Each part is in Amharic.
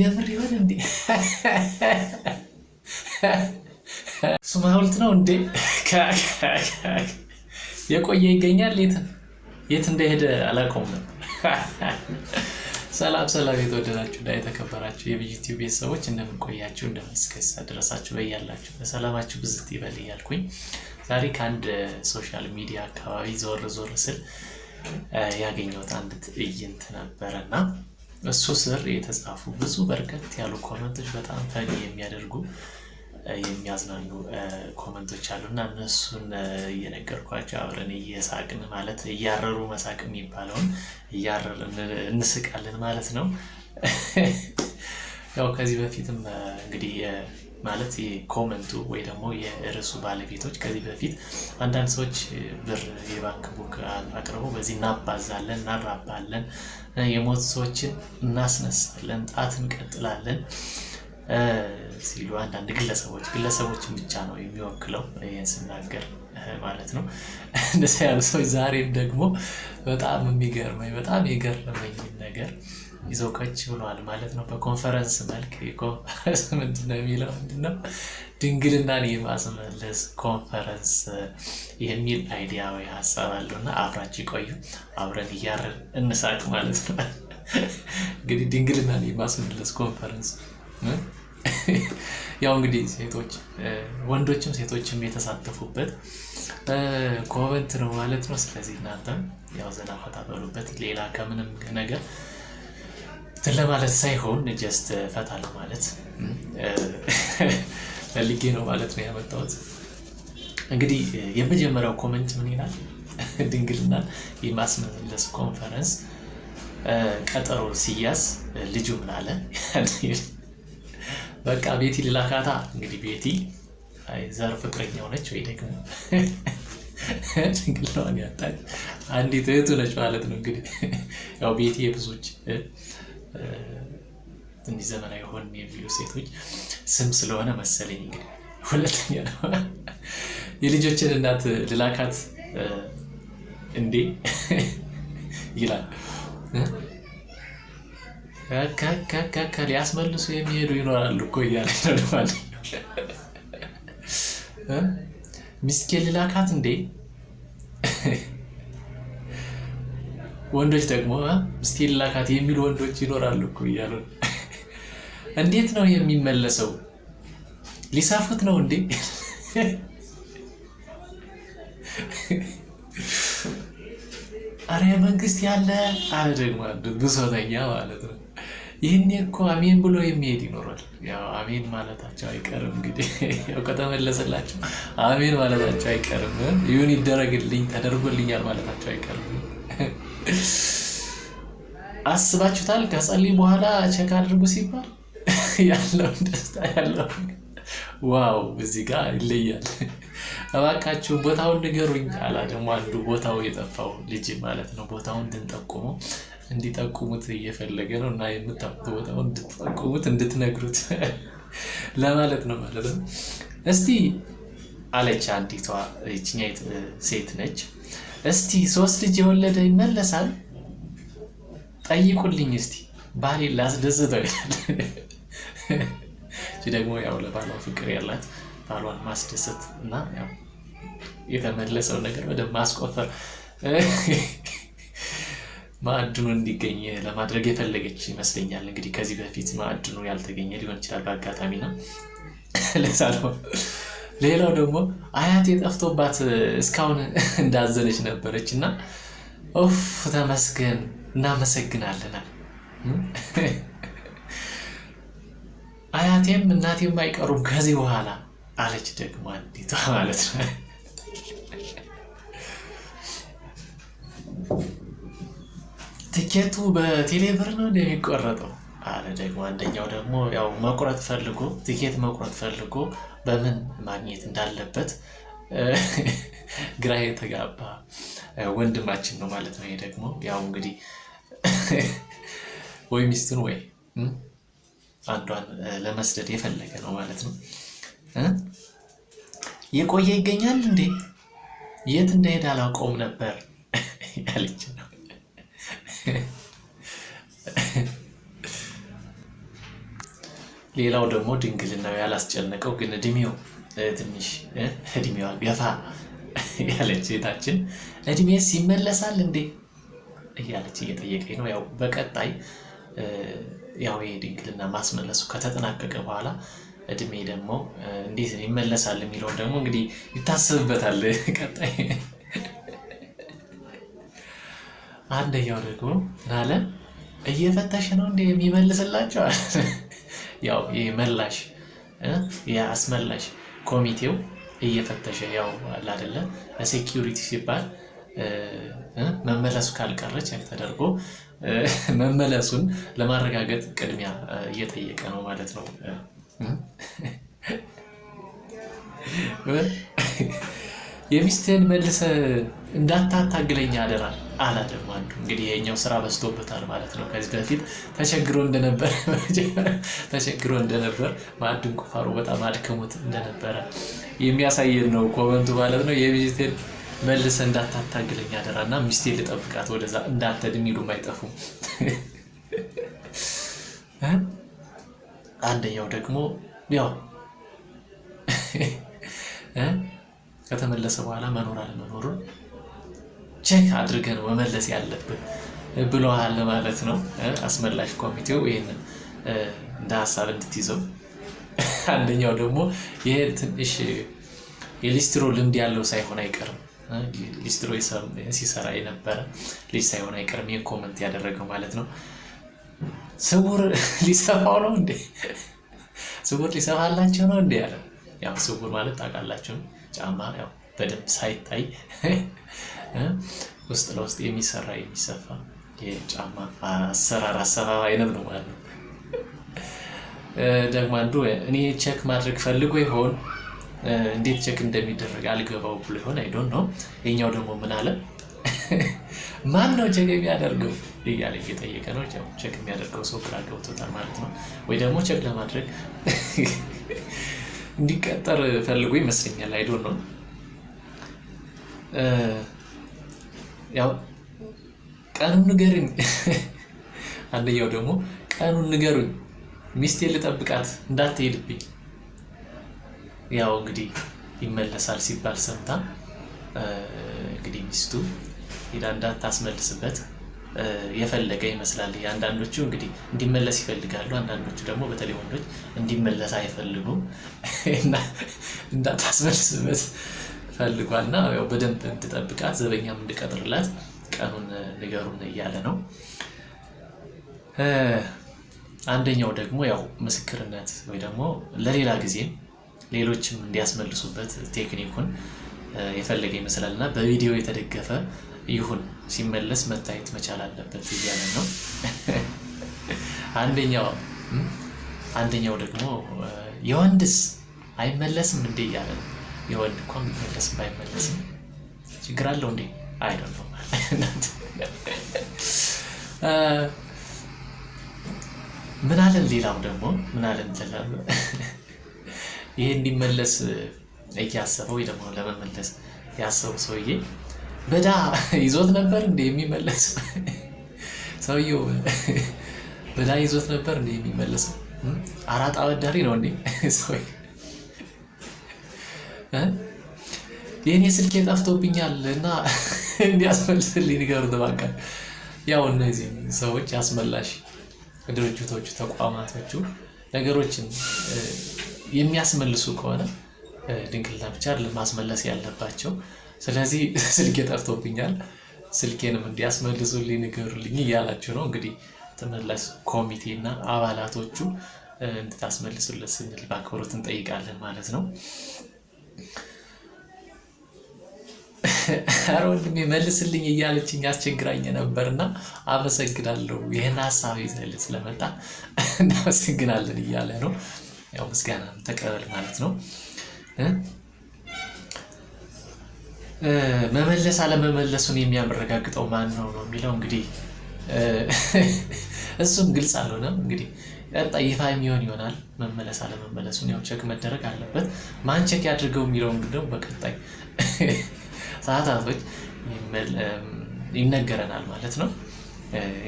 የብር ይሆን እንዴ? እሱማ ሐውልት ነው እንዴ? የቆየ ይገኛል። የት የት እንደሄደ አላውቀውም ነበር። ሰላም ሰላም፣ የተወደዳችሁ እና የተከበራችሁ የዩቲዩብ ቤተሰቦች እንደምንቆያችሁ እንደምንስከሳ ድረሳችሁ በያላችሁ በሰላማችሁ ብዝት ይበል እያልኩኝ ዛሬ ከአንድ ሶሻል ሚዲያ አካባቢ ዞር ዞር ስል ያገኘሁት አንድ ትዕይንት ነበረና እሱ ስር የተጻፉ ብዙ በርከት ያሉ ኮመንቶች በጣም ፈኒ የሚያደርጉ የሚያዝናኑ ኮመንቶች አሉ እና እነሱን እየነገርኳቸው አብረን እየሳቅን ማለት እያረሩ መሳቅ የሚባለውን እያረር እንስቃለን ማለት ነው። ያው ከዚህ በፊትም እንግዲህ ማለት የኮመንቱ ወይ ደግሞ የርዕሱ ባለቤቶች ከዚህ በፊት አንዳንድ ሰዎች ብር የባንክ ቡክ አቅርበው በዚህ እናባዛለን፣ እናራባለን፣ የሞት ሰዎችን እናስነሳለን፣ ጣት እንቀጥላለን ሲሉ አንዳንድ ግለሰቦች ግለሰቦችን ብቻ ነው የሚወክለው ይህን ስናገር ማለት ነው። እንደዚ ያሉ ሰዎች ዛሬም ደግሞ በጣም የሚገርመኝ በጣም የገረመኝን ነገር ይዘው ቀጭ ብለዋል ማለት ነው። በኮንፈረንስ መልክ ኮንፈረንስ ምንድን ነው የሚለው ምንድን ነው ድንግልናን የማስመለስ ኮንፈረንስ የሚል አይዲያ ወይ ሀሳብ አለው እና አብራችሁ ይቆዩ፣ አብረን እያረን እንሳቅ ማለት ነው። እንግዲህ ድንግልናን የማስመለስ ኮንፈረንስ ያው እንግዲህ ሴቶች ወንዶችም ሴቶችም የተሳተፉበት ኮቨንት ነው ማለት ነው። ስለዚህ እናንተም ያው ዘና ፈታ በሉበት ሌላ ከምንም ነገር እንትን ለማለት ሳይሆን ጀስት ፈታ ለማለት ፈልጌ ነው ማለት ነው ያመጣሁት። እንግዲህ የመጀመሪያው ኮመንት ምን ይላል? ድንግልና የማስመለስ ኮንፈረንስ ቀጠሮ ሲያዝ ልጁ ምን አለ? በቃ ቤቲ ልላካታ። እንግዲህ ቤቲ ዘር ፍቅረኛ ሆነች ወይ ደግሞ ድንግልናዋን ያጣች አንዲት እህቱ ነች ማለት ነው። እንግዲህ ያው ቤቲ የብዙች እንዲህ ዘመናዊ ሆን የሚሉ ሴቶች ስም ስለሆነ መሰለኝ። እንግዲህ ሁለተኛ ነው የልጆችን እናት ልላካት እንዴ ይላል። ከከከከ ሊያስመልሱ የሚሄዱ ይኖራሉ እኮ እያለ ይኖርማል። ሚስኬ ልላካት እንዴ ወንዶች ደግሞ ስቲል ላካት የሚሉ ወንዶች ይኖራሉ እኮ እያሉ እንዴት ነው የሚመለሰው? ሊሳፉት ነው እንዴ? አረ መንግስት ያለ አለ ደግሞ ብሶተኛ ማለት ነው። ይህን እኮ አሜን ብሎ የሚሄድ ይኖራል። ያው አሜን ማለታቸው አይቀርም እንግዲህ ያው ከተመለሰላቸው አሜን ማለታቸው አይቀርም። ይሁን ይደረግልኝ ተደርጎልኛል ማለታቸው አይቀርም። አስባችሁታል? ከጸልይ በኋላ ቸክ አድርጉ ሲባል ያለውን ደስታ ያለው ዋው እዚህ ጋር ይለያል። እባካችሁ ቦታውን ንገሩኝ አላ ደግሞ አንዱ ቦታው የጠፋው ልጅ ማለት ነው። ቦታው እንድንጠቁመው እንዲጠቁሙት እየፈለገ ነው እና የምታውቁት ቦታው እንድትጠቁሙት እንድትነግሩት ለማለት ነው ማለት ነው። እስቲ አለች አንዲቷ ይችኛይት ሴት ነች እስቲ ሶስት ልጅ የወለደ ይመለሳል? ጠይቁልኝ እስቲ ባሌን ላስደስተው ይላል። ደግሞ ያው ለባሏ ፍቅር ያላት ባሏን ማስደሰት እና ያው የተመለሰው ነገር ወደ ማስቆፈር ማዕድኑ እንዲገኝ ለማድረግ የፈለገች ይመስለኛል። እንግዲህ ከዚህ በፊት ማዕድኑ ያልተገኘ ሊሆን ይችላል በአጋጣሚ ነው ለዛ ነው ሌላው ደግሞ አያቴ ጠፍቶባት እስካሁን እንዳዘነች ነበረች እና ኦፍ ተመስገን እናመሰግናለን አያቴም እናቴም አይቀሩም ከዚህ በኋላ አለች ደግሞ አንዲቷ ማለት ነው። ትኬቱ በቴሌብር ነው እንደሚቆረጠው አለ ደግሞ አንደኛው ደግሞ ያው መቁረጥ ፈልጎ ትኬት መቁረጥ ፈልጎ በምን ማግኘት እንዳለበት ግራ የተጋባ ወንድማችን ነው ማለት ነው። ይሄ ደግሞ ያው እንግዲህ ወይ ሚስቱን ወይ አንዷን ለመስደድ የፈለገ ነው ማለት ነው። የቆየ ይገኛል እንዴ? የት እንደሄደ አላውቀውም ነበር ያለች ነው። ሌላው ደግሞ ድንግልናው ያላስጨነቀው ግን እድሜው ትንሽ እድሜዋ ገፋ ያለች ሴታችን እድሜስ ይመለሳል እንዴ እያለች እየጠየቀኝ ነው። ያው በቀጣይ ያው የድንግልና ማስመለሱ ከተጠናቀቀ በኋላ እድሜ ደግሞ እንዴት ይመለሳል የሚለውን ደግሞ እንግዲህ ይታስብበታል። ቀጣይ አንደኛው ደግሞ ናለ እየፈተሽ ነው እንዴ የሚመልስላቸዋል ያው የመላሽ የአስመላሽ ኮሚቴው እየፈተሸ ያው አለ አይደለ ለሴኪዩሪቲ ሲባል መመለሱ ካልቀረች ተደርጎ መመለሱን ለማረጋገጥ ቅድሚያ እየጠየቀ ነው ማለት ነው። የሚስትህን መልሰ እንዳታታግለኝ አደራ አላለም። አንዱ እንግዲህ ይሄኛው ስራ በዝቶበታል ማለት ነው። ከዚህ በፊት ተቸግሮ እንደነበር ተቸግሮ እንደነበር ማዕድን ቁፋሮ በጣም አድክሙት እንደነበረ የሚያሳየን ነው ኮመንቱ ማለት ነው። የሚስትህን መልሰ እንዳታታግለኝ አደራ እና ሚስቴ ልጠብቃት ወደዛ እንዳንተ ድሚሉም አይጠፉም። አንደኛው ደግሞ ያው ከተመለሰ በኋላ መኖር አለመኖሩን ቼክ አድርገን መመለስ ያለብን ብለዋል ማለት ነው። አስመላሽ ኮሚቴው ይህንን እንደ ሀሳብ እንድትይዘው። አንደኛው ደግሞ ይሄ ትንሽ የሊስትሮ ልምድ ያለው ሳይሆን አይቀርም። ሊስትሮ ሲሰራ የነበረ ልጅ ሳይሆን አይቀርም ይህ ኮመንት ያደረገው ማለት ነው። ስውር ሊሰፋው ነው እንዴ? ስውር ሊሰፋላቸው ነው እንዴ? ያለ ያው ስውር ማለት ታውቃላችሁ ነው ጫማ ያው በደንብ ሳይታይ ውስጥ ለውስጥ የሚሰራ የሚሰፋ የጫማ አሰራር አሰራር አይነት ነው ማለት ነው። ደግሞ አንዱ እኔ ቼክ ማድረግ ፈልጎ ይሆን እንዴት ቼክ እንደሚደረግ አልገባው ብሎ ይሆን አይዶን ነው። የኛው ደግሞ ምን አለ ማን ነው ቼክ የሚያደርገው እያለ እየጠየቀ ነው። ቼክ የሚያደርገው ሰው ግራ ገብቶታል ማለት ነው። ወይ ደግሞ ቼክ ለማድረግ እንዲቀጠር ፈልጎ ይመስለኛል። አይዶ ነው ያው ቀኑን ንገሩኝ፣ አንደኛው ደግሞ ቀኑን ንገሩኝ፣ ሚስቴ ልጠብቃት እንዳትሄድብኝ። ያው እንግዲህ ይመለሳል ሲባል ሰምታ እንግዲህ ሚስቱ ሄዳ እንዳታስመልስበት የፈለገ ይመስላል። አንዳንዶቹ እንግዲህ እንዲመለስ ይፈልጋሉ፣ አንዳንዶቹ ደግሞ በተለይ ወንዶች እንዲመለስ አይፈልጉም እና እንዳታስመልስበት ፈልጓልና ያው በደንብ እንድጠብቃት ዘበኛም እንድቀጥርላት ቀኑን ንገሩን እያለ ነው። አንደኛው ደግሞ ያው ምስክርነት ወይ ደግሞ ለሌላ ጊዜ ሌሎችም እንዲያስመልሱበት ቴክኒኩን የፈለገ ይመስላል እና በቪዲዮ የተደገፈ ይሁን ሲመለስ መታየት መቻል አለበት እያለን ነው። አንደኛው አንደኛው ደግሞ የወንድስ አይመለስም እንዴ እያለ ነው። የወንድ እኮ የሚመለስም ባይመለስም ችግር አለው እንዴ? አይ ነው ምን አለን። ሌላው ደግሞ ምን አለን ይሄ እንዲመለስ እያሰበው ወይ ደግሞ ለመመለስ ያሰቡ ሰውዬ በዳ ይዞት ነበር እንደ የሚመለስ ሰውየው በዳ ይዞት ነበር እንደ የሚመለሰው አራጣ አበዳሪ ነው እንዴ ሰው የእኔ ስልኬ ጠፍቶብኛል እና እንዲያስመልስልኝ ንገሩት እባክህ። ያው እነዚህ ሰዎች አስመላሽ ድርጅቶቹ፣ ተቋማቶቹ ነገሮችን የሚያስመልሱ ከሆነ ድንግልና ብቻ ለማስመለስ ያለባቸው ስለዚህ ስልኬ ጠፍቶብኛል፣ ስልኬንም እንዲያስመልሱልኝ ንገሩልኝ እያላችሁ ነው እንግዲህ ትምህርት ኮሚቴና አባላቶቹ እንድታስመልሱለት ስንል በአክብሮት እንጠይቃለን ማለት ነው። ኧረ ወንድሜ መልስልኝ እያለችኝ አስቸግራኝ ነበርና አመሰግናለሁ፣ ይህን ሀሳብ ይዘል ስለመጣ እናመሰግናለን እያለ ነው። ያው ምስጋና ተቀበል ማለት ነው። መመለስ አለመመለሱን የሚያረጋግጠው ማን ነው ነው የሚለው እንግዲህ እሱም ግልጽ አልሆነም። እንግዲህ ቀጣ ይፋ የሚሆን ይሆናል። መመለስ አለመመለሱን ያው ቸክ መደረግ አለበት። ማን ቸክ ያድርገው የሚለው እንግዲህ በቀጣይ ሰዓታቶች ይነገረናል ማለት ነው።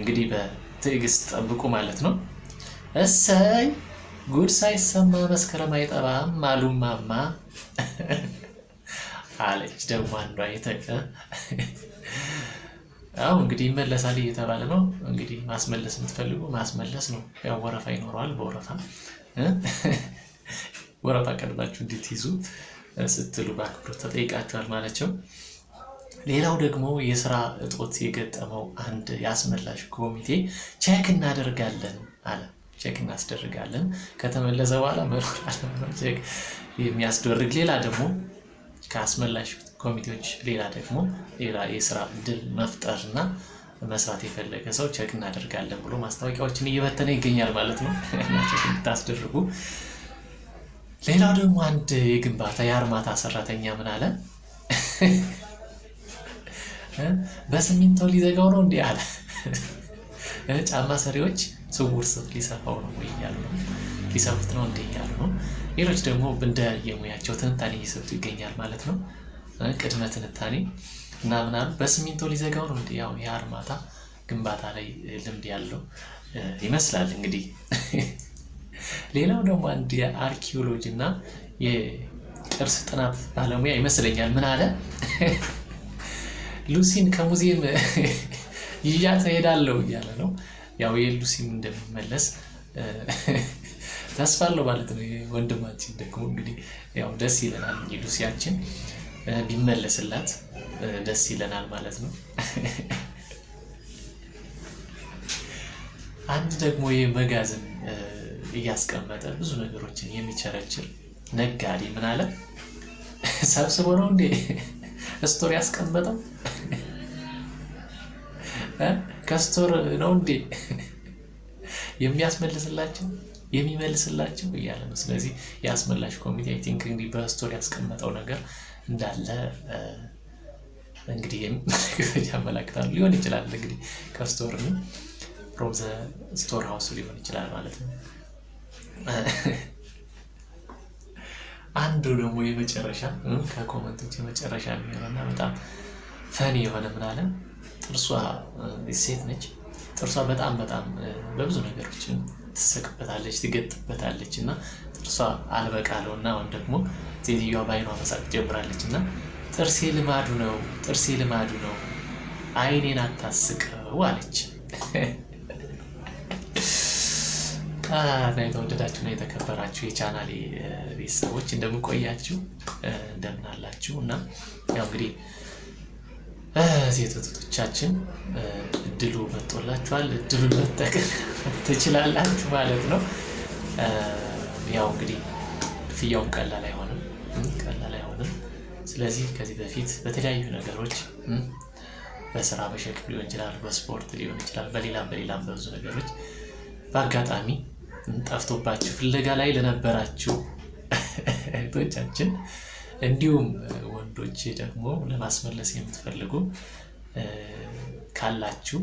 እንግዲህ በትዕግስት ጠብቁ ማለት ነው። እሰይ ጉድ ሳይሰማ መስከረም አይጠባም አሉማማ አለች ደግሞ አንዷ የተቀ አው እንግዲህ ይመለሳል እየተባለ ነው። እንግዲህ ማስመለስ የምትፈልጉ ማስመለስ ነው። ያው ወረፋ ይኖረዋል። በወረፋ ወረፋ ቀድባችሁ እንድትይዙ ስትሉ በአክብሮት ተጠይቃችኋል ማለቸው። ሌላው ደግሞ የስራ እጦት የገጠመው አንድ የአስመላሽ ኮሚቴ ቼክ እናደርጋለን አለ። ቼክ እናስደርጋለን ከተመለሰ በኋላ መሮር ቼክ የሚያስደርግ ሌላ ደግሞ ከአስመላሽ ኮሚቴዎች ሌላ ደግሞ ሌላ የስራ እድል መፍጠርና መስራት የፈለገ ሰው ቸግ እናደርጋለን ብሎ ማስታወቂያዎችን እየበተነ ይገኛል ማለት ነው። ታስደርጉ። ሌላው ደግሞ አንድ የግንባታ የአርማታ ሰራተኛ ምን አለ፣ በሲሚንቶ ሊዘጋው ነው እንዲህ አለ። ጫማ ሰሪዎች ስውር ስፍ ሊሰፋው ነው ወይ እያሉ ነው፣ ሊሰፉት ነው እንዲህ እያሉ ነው። ሌሎች ደግሞ እንደ የሙያቸው ትንታኔ እየሰጡ ይገኛል ማለት ነው። ቅድመ ትንታኔ እና ምናምን በሲሚንቶ ሊዘጋው ነው እንዲ ያው የአርማታ ግንባታ ላይ ልምድ ያለው ይመስላል። እንግዲህ ሌላው ደግሞ አንድ የአርኪኦሎጂ እና የቅርስ ጥናት ባለሙያ ይመስለኛል ምን አለ ሉሲን ከሙዚየም ይዣት እሄዳለሁ እያለ ነው። ያው የሉሲም እንደሚመለስ ተስፋ አለው ማለት ነው። ወንድማችን ደግሞ እንግዲህ ያው ደስ ይለናል። ዱሲያችን ቢመለስላት ደስ ይለናል ማለት ነው። አንድ ደግሞ መጋዘን እያስቀመጠ ብዙ ነገሮችን የሚቸረችል ነጋዴ ምን አለ፣ ሰብስቦ ነው እንዴ ስቶር ያስቀመጠው? ከስቶር ነው እንዴ የሚያስመልስላቸው? የሚመልስላቸው እያለ ነው። ስለዚህ የአስመላሽ ኮሚቴ አይ ቲንክ እንግዲህ በስቶሪ ያስቀመጠው ነገር እንዳለ እንግዲህ መረጃ ያመላክታሉ። ሊሆን ይችላል እንግዲህ ከስቶር ነው ፍሮም ዘ ስቶር ሀውስ ሊሆን ይችላል ማለት ነው። አንዱ ደግሞ የመጨረሻ ከኮመንቶች የመጨረሻ የሚሆነና በጣም ፈኒ የሆነ ምናለን ጥርሷ ሴት ነች። ጥርሷ በጣም በጣም በብዙ ነገሮችን ትስቅበታለች፣ ትገጥበታለች እና ጥርሷ አልበቃለው እና አሁን ደግሞ ሴትዮዋ በአይኗ መሳቅ ትጀምራለች እና ጥርሴ ልማዱ ነው፣ ጥርሴ ልማዱ ነው፣ አይኔን አታስቀው አለች። እና የተወደዳችሁ ነው የተከበራችሁ የቻናሌ ቤተሰቦች እንደምን ቆያችሁ እና ያው እንግዲህ ሴት እህቶቻችን እድሉ መጥቶላችኋል። እድሉን መጠቀም ትችላላችሁ ማለት ነው። ያው እንግዲህ ክፍያውም ቀላል አይሆንም፣ ቀላል አይሆንም። ስለዚህ ከዚህ በፊት በተለያዩ ነገሮች በስራ በሸክም ሊሆን ይችላል፣ በስፖርት ሊሆን ይችላል፣ በሌላም በሌላም በብዙ ነገሮች በአጋጣሚ ጠፍቶባችሁ ፍለጋ ላይ ለነበራችሁ እህቶቻችን እንዲሁም ወንዶች ደግሞ ለማስመለስ የምትፈልጉ ካላችሁ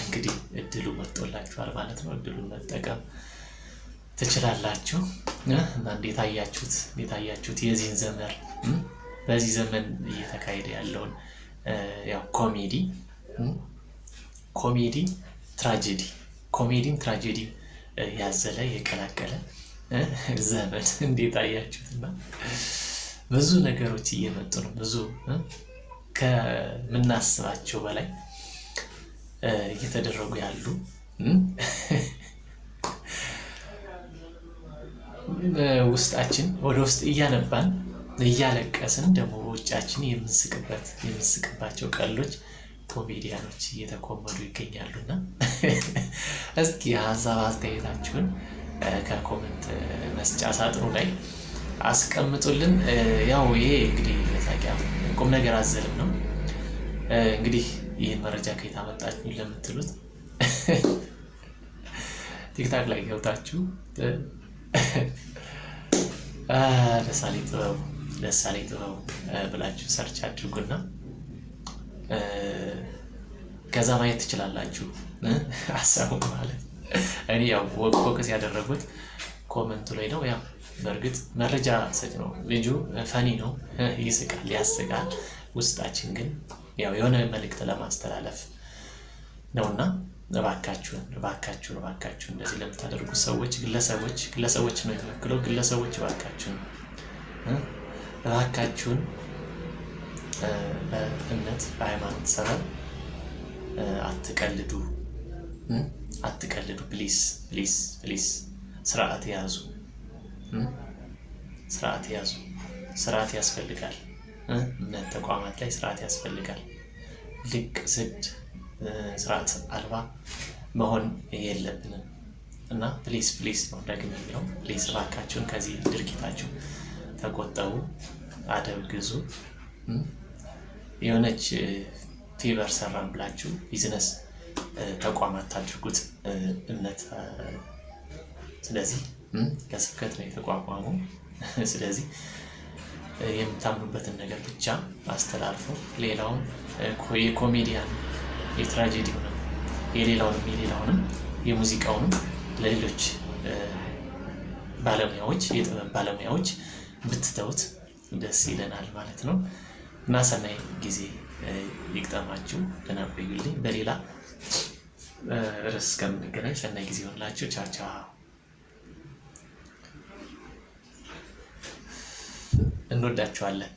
እንግዲህ እድሉ መጥቶላችኋል ማለት ነው። እድሉን መጠቀም ትችላላችሁ እና እንዴት አያችሁት? እንዴት አያችሁት? የዚህን ዘመን በዚህ ዘመን እየተካሄደ ያለውን ያው ኮሜዲ ኮሜዲ ትራጀዲ ኮሜዲን ትራጀዲ ያዘለ የቀላቀለ ዘመን እንዴት አያችሁትና ብዙ ነገሮች እየመጡ ነው። ብዙ ከምናስባቸው በላይ እየተደረጉ ያሉ ውስጣችን ወደ ውስጥ እያነባን እያለቀስን ደግሞ በውጫችን የምንስቅበት የምንስቅባቸው ቀሎች ኮሜዲያኖች እየተኮመዱ ይገኛሉና እስኪ ሀሳብ አስተያየታችሁን ከኮመንት መስጫ ሳጥሩ ላይ አስቀምጡልን። ያው ይሄ እንግዲህ ለሳቂያ ቁም ነገር አዘልም ነው። እንግዲህ ይህን መረጃ ከየት አመጣችሁ ለምትሉት ቲክታክ ላይ ገብታችሁ ደሳሌ ጥበቡ ደሳሌ ጥበቡ ብላችሁ ሰርች አድርጉና ከዛ ማየት ትችላላችሁ። አሳቡ ማለት እኔ ያው ፎከስ ያደረጉት ኮመንቱ ላይ ነው። ያው በእርግጥ መረጃ ሰጭ ነው ልጁ፣ ፈኒ ነው፣ ይስቃል፣ ያስቃል። ውስጣችን ግን ያው የሆነ መልእክት ለማስተላለፍ ነውና እባካችሁን እባካችሁን እባካችሁን እንደዚህ ለምታደርጉ ሰዎች ግለሰቦች ግለሰቦች ነው የሚወክለው። ግለሰቦች እባካችሁን እባካችሁን በእምነት በሃይማኖት ሰበብ አትቀልዱ። አትቀልዱ። ፕሊስ ፕሊስ ፕሊስ፣ ስርዓት ያዙ፣ ስርዓት ያዙ። ስርዓት ያስፈልጋል። እምነት ተቋማት ላይ ስርዓት ያስፈልጋል። ልቅ ስድ ስርዓት አልባ መሆን የለብንም እና ፕሊስ ፕሊስ ነው ደግም የሚለው ፕሊስ፣ እባካችሁን ከዚህ ድርጊታችሁ ተቆጠቡ፣ አደብ ግዙ። የሆነች ፊቨር ሰራን ብላችሁ ቢዝነስ ተቋማት ታድርጉት እምነት። ስለዚህ ከስብከት ነው የተቋቋሙ ስለዚህ የምታምኑበትን ነገር ብቻ አስተላልፎ ሌላውን የኮሜዲያን የትራጀዲውንም የሌላውንም የሌላውንም የሙዚቃውንም ለሌሎች ባለሙያዎች የጥበብ ባለሙያዎች ብትተውት ደስ ይለናል ማለት ነው እና ሰናይ ጊዜ ይግጠማችሁ። ደህና ቆዩልኝ በሌላ ርዕስ እስከምንገናኝ ሰናይ ጊዜ ይሆንላችሁ። ቻቻ እንወዳችኋለን።